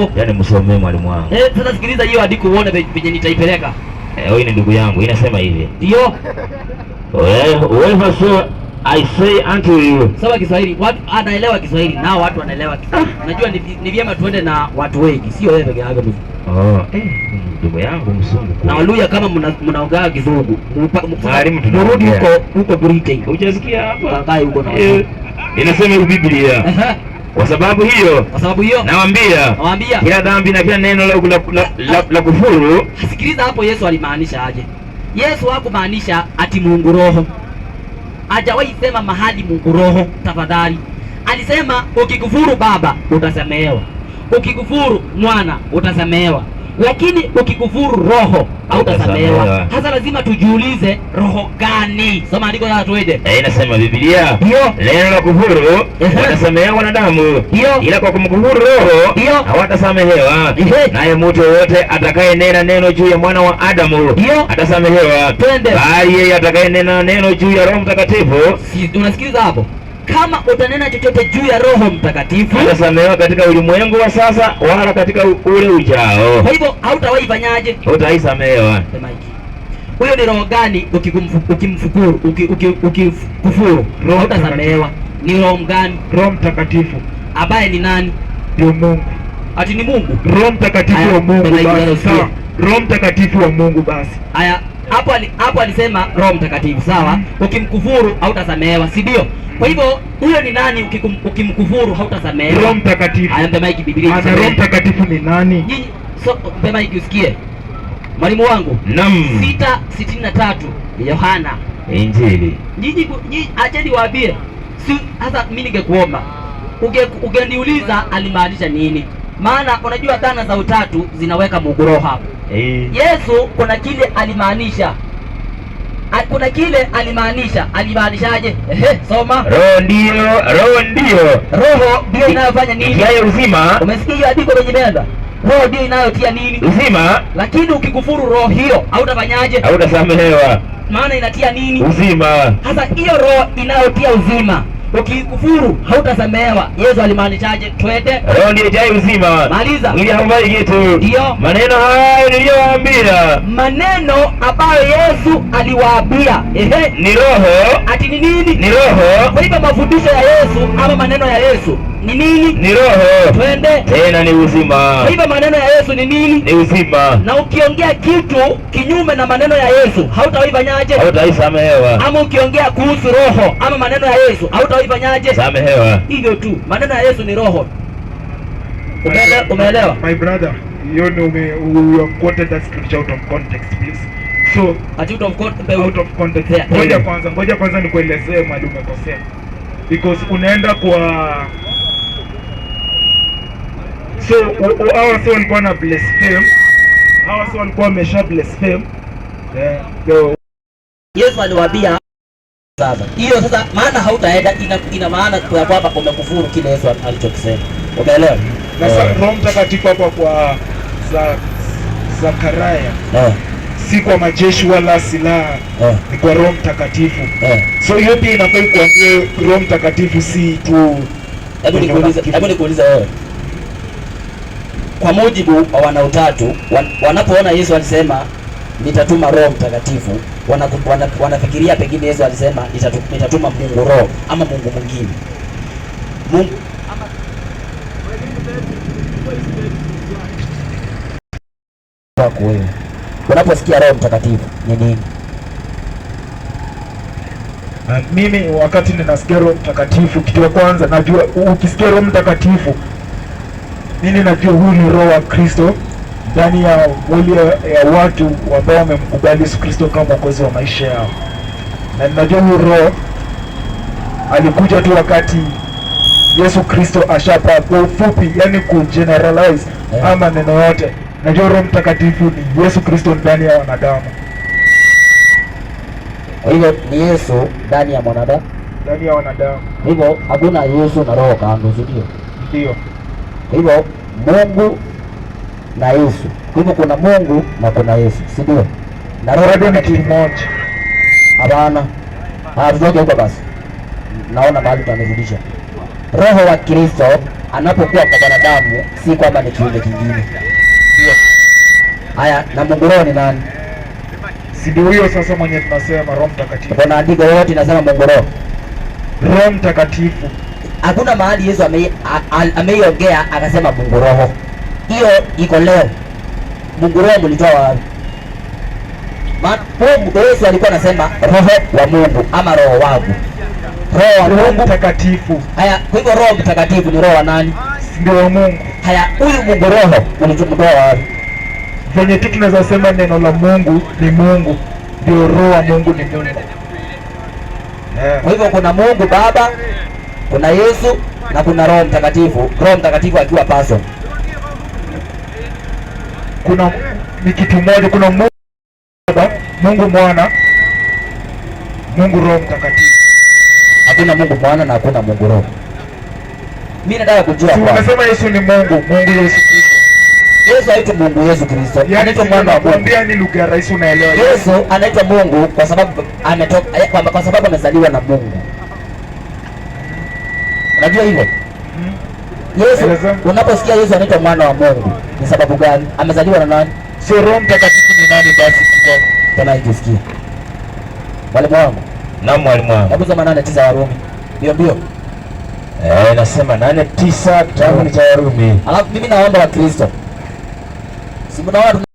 yako? yani msomee mwalimu wangu. Eh, sasa sikiliza hiyo hadi kuona penye nitaipeleka. Eh, wewe ni ndugu yangu, inasema hivi. Ndio. Wewe wewe sio I say unto you. Sawa Kiswahili. Watu anaelewa ah, Kiswahili na watu wanaelewa Kiswahili. Ah. Unajua ni, ni vyema tuende na watu wengi, sio wewe peke yako. mzee. Oh, eh, ndugu yangu msungu. Na Waluya kama mnaogaa Kizungu. Mwalimu tunarudi huko huko Burite. Hujasikia hapa? Kakai huko na. Eh, inasema Biblia. Kwa sababu hiyo, kwa sababu hiyo nawaambia, nawaambia kila dhambi na kila neno la, la, la, la, la kufuru. Sikiliza hapo, Yesu alimaanisha aje? Yesu hakumaanisha ati Mungu Roho, hajawahi sema mahali Mungu Roho, tafadhali. Alisema ukikufuru Baba utasamehewa, ukikufuru Mwana utasamehewa lakini ukikufuru roho hautasamehewa. Hasa lazima tujiulize roho gani? Soma andiko la tuende. Eh, inasema Biblia, neno la kufuru watasamehewa wanadamu, ila kwa kumkufuru roho hawatasamehewa. Naye mtu yoyote atakayenena neno juu ya mwana wa Adamu atasamehewa, bali yeye atakayenena neno juu ya Roho Mtakatifu. Unasikiliza hapo? kama utanena chochote juu ya Roho Mtakatifu utasamehewa katika ulimwengu wa sasa wala katika ule ujao. Kwa hivyo hautawahi fanyaje? Utaisamehewa. Huyo ni roho gani? Ukimfukuru ukikufuru, roho hautasamehewa. Ni roho gani? Roho Mtakatifu ambaye ni nani? Ndio Mungu. Ati ni Mungu, Roho Mtakatifu wa Mungu basi. Roho Mtakatifu wa Mungu basi. Haya, hapo hapo alisema Roho Mtakatifu, sawa. Ukimkufuru hautasamehewa, si ndio? Kwa hivyo huyo ni nani? Ukikum, ukimkufuru hautasamehewa. Roho Mtakatifu anampa maiki Biblia. Ana Roho Mtakatifu ni nani? Nyinyi so mpe maiki usikie. Mwalimu wangu. Naam. 6:63 Yohana Injili. Nyinyi nyinyi acheni waambie. sasa. mimi ningekuomba. Ungeniuliza alimaanisha nini? maana unajua dhana za utatu zinaweka muguro hapo. Hey. Yesu kuna kile alimaanisha kuna kile alimaanisha. Alimaanishaje? Ehe, soma. Roho ndio, roho ndio, roho ndio inayofanya nini? Ndiyo uzima. Umesikia hiyo andiko kwenye meza? Roho ndio inayotia nini? Uzima. Lakini ukikufuru roho hiyo hautafanyaje? Hautasamehewa. Maana inatia nini? Uzima. Sasa hiyo roho inayotia uzima Ukikufuru hautasamehewa. Yesu alimaanishaje? Twende roho ndiye jai uzima. Maliza ili hambai kitu. Ndio maneno hayo niliyowaambia, maneno ambayo Yesu aliwaambia. Ehe, ni roho. Ati ni nini? Ni roho kwa hivyo mafundisho ya Yesu ama maneno ya Yesu ni nini? Ni roho. Twende tena, ee, ni uzima. Kwa hivyo maneno ya Yesu ni nini? Ni uzima. Na ukiongea kitu kinyume na maneno ya Yesu hautaifanyaje? Hautaisamehewa. Ama ukiongea kuhusu roho ama maneno ya Yesu hautaifanyaje? Samehewa. Hivyo tu, maneno ya Yesu ni roho. Umeelewa? My brother, you know me, you have quoted that scripture out of context please. So at out of context, out of context. Yeah, ngoja yeah. Kwanza ngoja kwanza nikuelezee mali umekosea, because unaenda kwa so hawa sio walikuwa na blaspheme, hawa sio walikuwa wamesha blaspheme yeah. So Yesu aliwaambia sasa hiyo sasa, maana hautaenda ina, ina maana ya kwamba umekufuru kile Yesu alichokisema, umeelewa? Na sasa Roho Mtakatifu hapo kwa Zakaraya eh si kwa majeshi wala silaha yeah. Ni kwa Roho Mtakatifu yeah. So hiyo pia inafaa kuambia Roho Mtakatifu si tu. Hebu nikuuliza, wewe, kwa mujibu wa wana wanapoona Yesu alisema nitatuma Roho Mtakatifu wanafikiria wana, wana pengine Yesu alisema nitatuma, Mungu Roho ama Mungu mwingine Mungu ama unaposikia Roho Mtakatifu ni nini? Na mimi wakati ninasikia Roho Mtakatifu, kitu ya kwanza najua, ukisikia Roho Mtakatifu mimi najua huyu ni Roho wa Kristo ndani ya mwili ya watu ambao wamemkubali Yesu Kristo kama mwokozi wa maisha yao, na ninajua huyu Roho alikuja tu wakati Yesu Kristo ashapaa. Kwa ufupi, yani generalize ama neno yote Najua Roho Mtakatifu ni Yesu Kristo ndani ya wanadamu. Kwa hivyo ni Yesu ndani ya mwanadamu, ndani ya wanadamu. Hivyo hakuna Yesu na roho kando, si ndio? Ndio. Hivyo Mungu na Yesu. Kwa hivyo kuna Mungu na kuna Yesu, si ndio? Na roho bado ni kimoja. Hapana, hatutoke ah, huko basi. Naona mahali tumerudisha roho wa Kristo anapokuwa kwa wanadamu, si kwamba ni kiumbe kingine Haya, na Mungu roho nani? Sidi huyo sasa mwenye tunasema Roho Mtakatifu. Kuna andiko yote inasema Mungu roho. Roho Mtakatifu. Hakuna mahali Yesu ameiongea akasema Mungu roho. Hiyo iko leo. Mungu roho mlitoa wapi? Maana Yesu alikuwa anasema roho wa Mungu ama roho wangu. Roho wa Mungu Mtakatifu. Haya, kwa hivyo Roho Mtakatifu ni roho wa nani? Ndio Mungu. Haya, huyu Mungu roho ulichomtoa wapi? venye tiki tunaweza sema neno la Mungu ni Mungu, ndio roho wa Mungu ni Mungu. Eh. Kwa hivyo kuna Mungu Baba, kuna Yesu na kuna Roho Mtakatifu. Roho Mtakatifu akiwa person, kuna ni kitu moja. Kuna Mungu Baba, Mungu Mwana, Mungu Roho Mtakatifu. Hakuna Mungu Mwana na hakuna Mungu Roho. Mimi nataka kujua, si unasema Yesu ni Mungu, Mungu Yesu Yesu haitwi Mungu, Yesu Kristo yaani anaitwa mwana wa Mungu. Ni lugha rahisi, unaelewa. Yesu anaitwa Mungu kwa sababu ametoka, eh, kwa sababu amezaliwa na Mungu. Unajua ile hmm. Yesu, unaposikia Yesu anaitwa mwana wa Mungu ni sababu gani? Amezaliwa na nani? Sio Roho Mtakatifu ni nani? Basi tena ikisikia mwalimu wangu na mwalimu wangu, hebu soma nane tisa Warumi ndio ndio Eh, nasema nane tisa kitabu cha Warumi. Alafu mimi naomba wa Kristo 怎么弄啊？